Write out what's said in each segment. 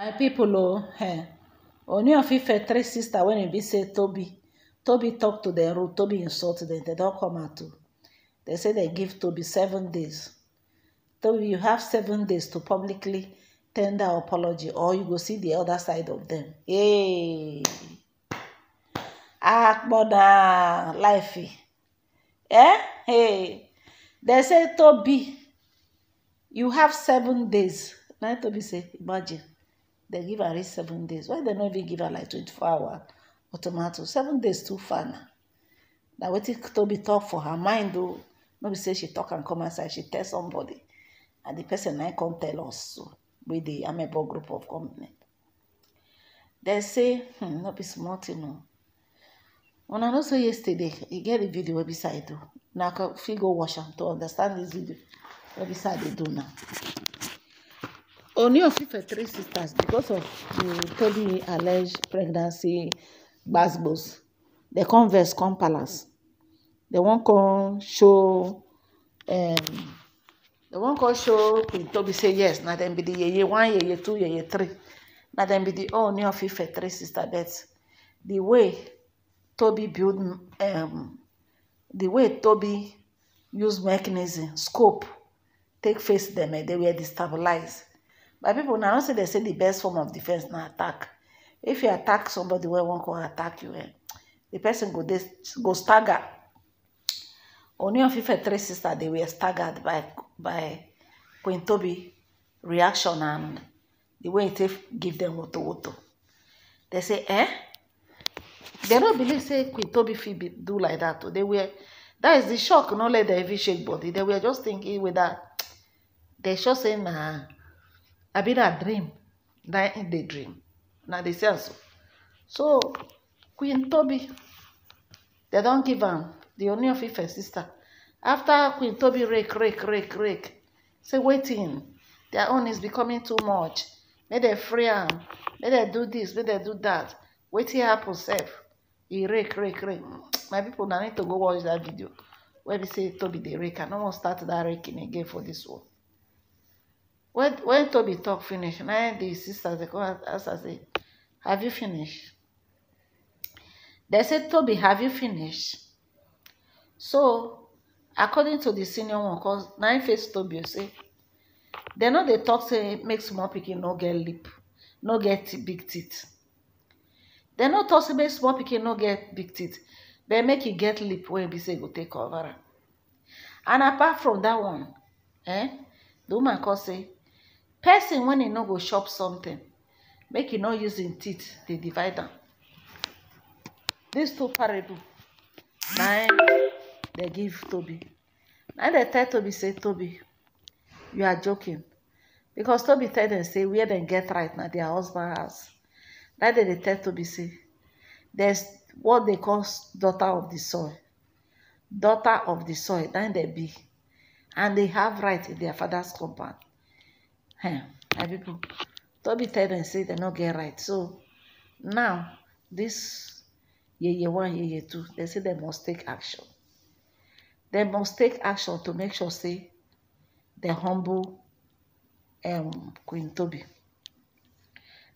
my people oh, eh, Ooni of Ife three sister when e be say Toby, Toby talk to dem rude Tobi insult them, they don't come out o oh. They say they give Toby seven days Toby, you have seven days to publicly tender apology or you go see the other side of them. hey. akpọda life eh hey. they say Toby, you have seven days Now Toby say imagine They give her seven days why they not even give her like twenty-four hour for seven days too far na na wetin tobi talk for her mind though? no say she talk and come outside she tell somebody and the person na come tell us so wey dey amebo group of company They say hmm, no be small thing o una know so yesterday You e get the video wey beside do una fit go watch them to understand this video wey beside dey do now. Ooni of Ife Three Sisters because of the mm, Tobi alleged pregnancy basbos. They come vex come palace. They won't come show um, they won't come show Queen Tobi say yes, Now dem be the yeye one, yeye two, yeye three. Now dem be the Ooni of Ife Three sister but the way Toby build um, the way Toby use mechanism, scope, take face them. eh, they were destabilized. But people now say they say the best form of defense now attack. If you attack somebody where one come attack you, eh, the person go go stagger. Only of Ife three sister, they were staggered by by Queen Toby reaction and the way it take give dem woto woto. They say, eh? They not believe say Queen Toby fit be do like that. They were that is the shock Not let the heavy shake body. They were just thinking whether they sure say Nah, abi na dream na im dey dream now they say so so queen Toby, they don't give him. The only of Ife sister after queen Toby rake rake rake rake say waiting. their own is becoming too much May they free him. May they do this. May they do dat wetin happen sef He rake rake rake my people na need to go watch that video where they say Toby dey rake i no wan start that raking again for this one When when toby talk finish na the sisters dey come ask her say have you finished?" They say toby have you finished?" so according to the senior one cause na im face toby say "They no dey talk say make small pikin no get lip no get big teeth They no talk say make small pikin no get big teeth but make e get lip wey e be say e go take cover am and apart from that one eh the woman come say person when e no go chop something make e no use im teeth dey divide am These two parable na im dey give Toby. na im dey tell Toby, say Toby, you are joking because Toby tell them say where dem get right na their husband house na dem dey tell Toby say there's what they call daughter of the soil daughter of the soil na im dem be and they have right in their father's compound um my people Toby tell dem say they no get right so now dis year one year two they say they must take action They must take action to make sure say they humble um, queen tobi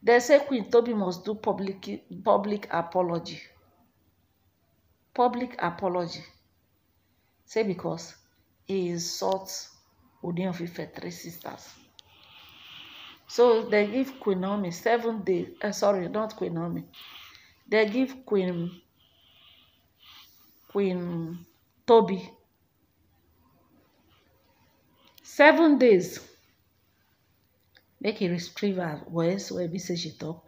dem say queen tobi must do public public apology public apology say because he insults ooni of three sisters so they give queen naomi seven days uh, sorry not queen naomi they give queen queen toby seven days make e retrieve her voice wey be say she talk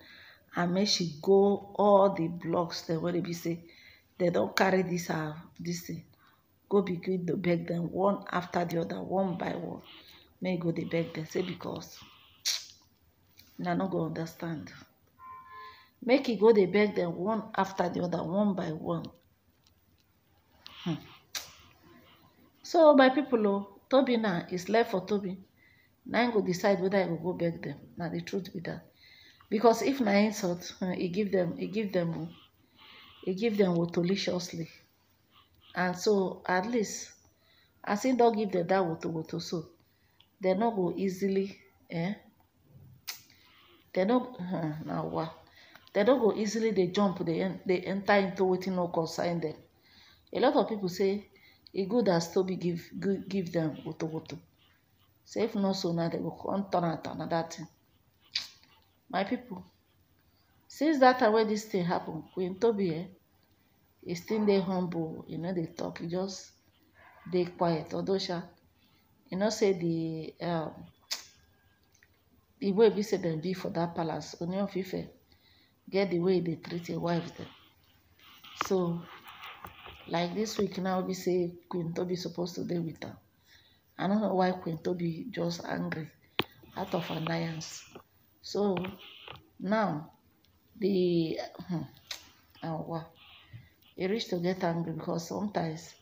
and make she go all the blocks dem wey be say they don't carry this out. Uh, this thing go begin to beg them one after the other one by one make go dey beg them say because na no go understand make e go dey beg dem one after the other one by one hmm. so my people, o oh, tobi na is left for tobi na im go decide whether I go go beg dem na the truth be that, because if na insult hmm, e give dem e give dem oh, e give dem wotoliciously and so at least as im don give dem that woto woto so dem no go easily eh, They no now what. They don't go easily They jump They they enter into wetin no concern them. a lot of people say e good as be give give dem wotowoto say if not so now they go come turn am to another thing my people since that time wey this thing happen queen Toby eh e still dey humble e no dey talk e just dey quiet although you know e say the um the way be say them be for that palace Ooni of Ife get the way they treat im wife Then, so like this week now we say Queen Tobi supposed to deal with am I don't know why Queen Tobi just angry out of annoyance so now the hmm, oh, wow. e reach to get angry because sometimes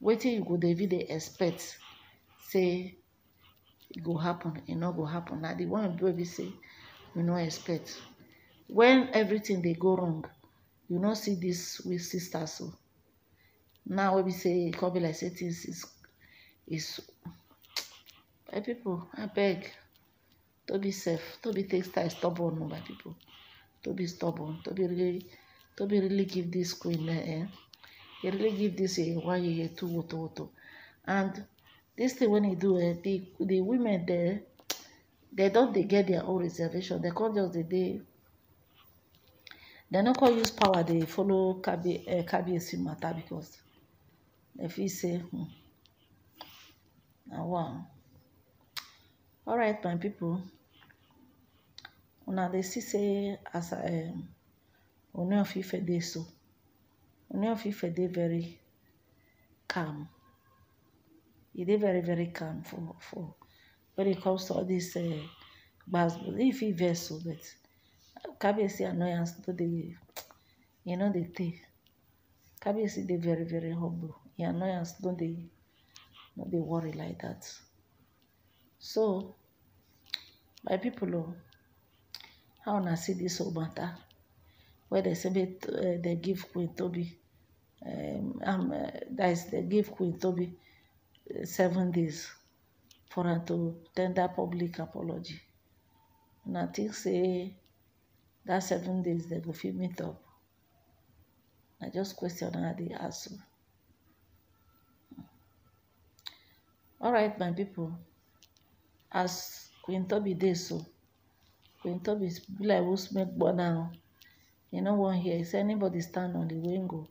waiting you go dey even dey expect say e go happen e no go happen na the one wey be say we no expect when everything dey go wrong you no see this with sisters so now wey be say e come be like say things is is my people abeg tobi sef tobi take style stubborn o my people To be stubborn To be really To be really give this queen eh e really give this a one year two wotowoto and This thing when you do it, eh, the the women there, they don't they get their own reservation They come just dey dey They no call use power They follow kabi uh, kabiyesi matter because if feel say hmm, na wow alright my people now they see say as um, Ooni of Ife dey so Ooni of Ife dey very calm He' dey very very calm for for when it comes to all dis um uh, gbas e fit vex o but kabiyesi annoyance no dey e no dey tey kabiyesi they very very humble He annoyance don't they no they worry like that. so my people o how na see this whole matter where they say uh, they give Queen Toby um am um dat uh, is they give Queen Toby seven days for am to tender public apology and i think say that seven days dem go fit meet up na just question i dey ask you alright my people. as queen tobi dey so queen tobi be like who smoke burner o e no wan hear say anybody stand on the way He go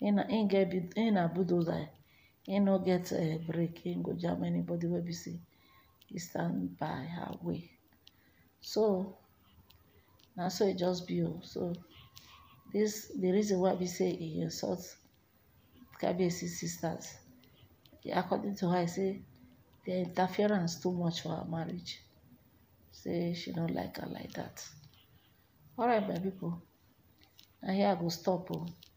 im na im get im na bulldozer e no get uh, break e go jam anybody wey be say e stand by her way so na so e just be o oh. so this the reason why be say e insult kabiyesi sisters according to her e say the interference too much for her marriage say she no like her like that All right, my people na here i go stop o. Oh.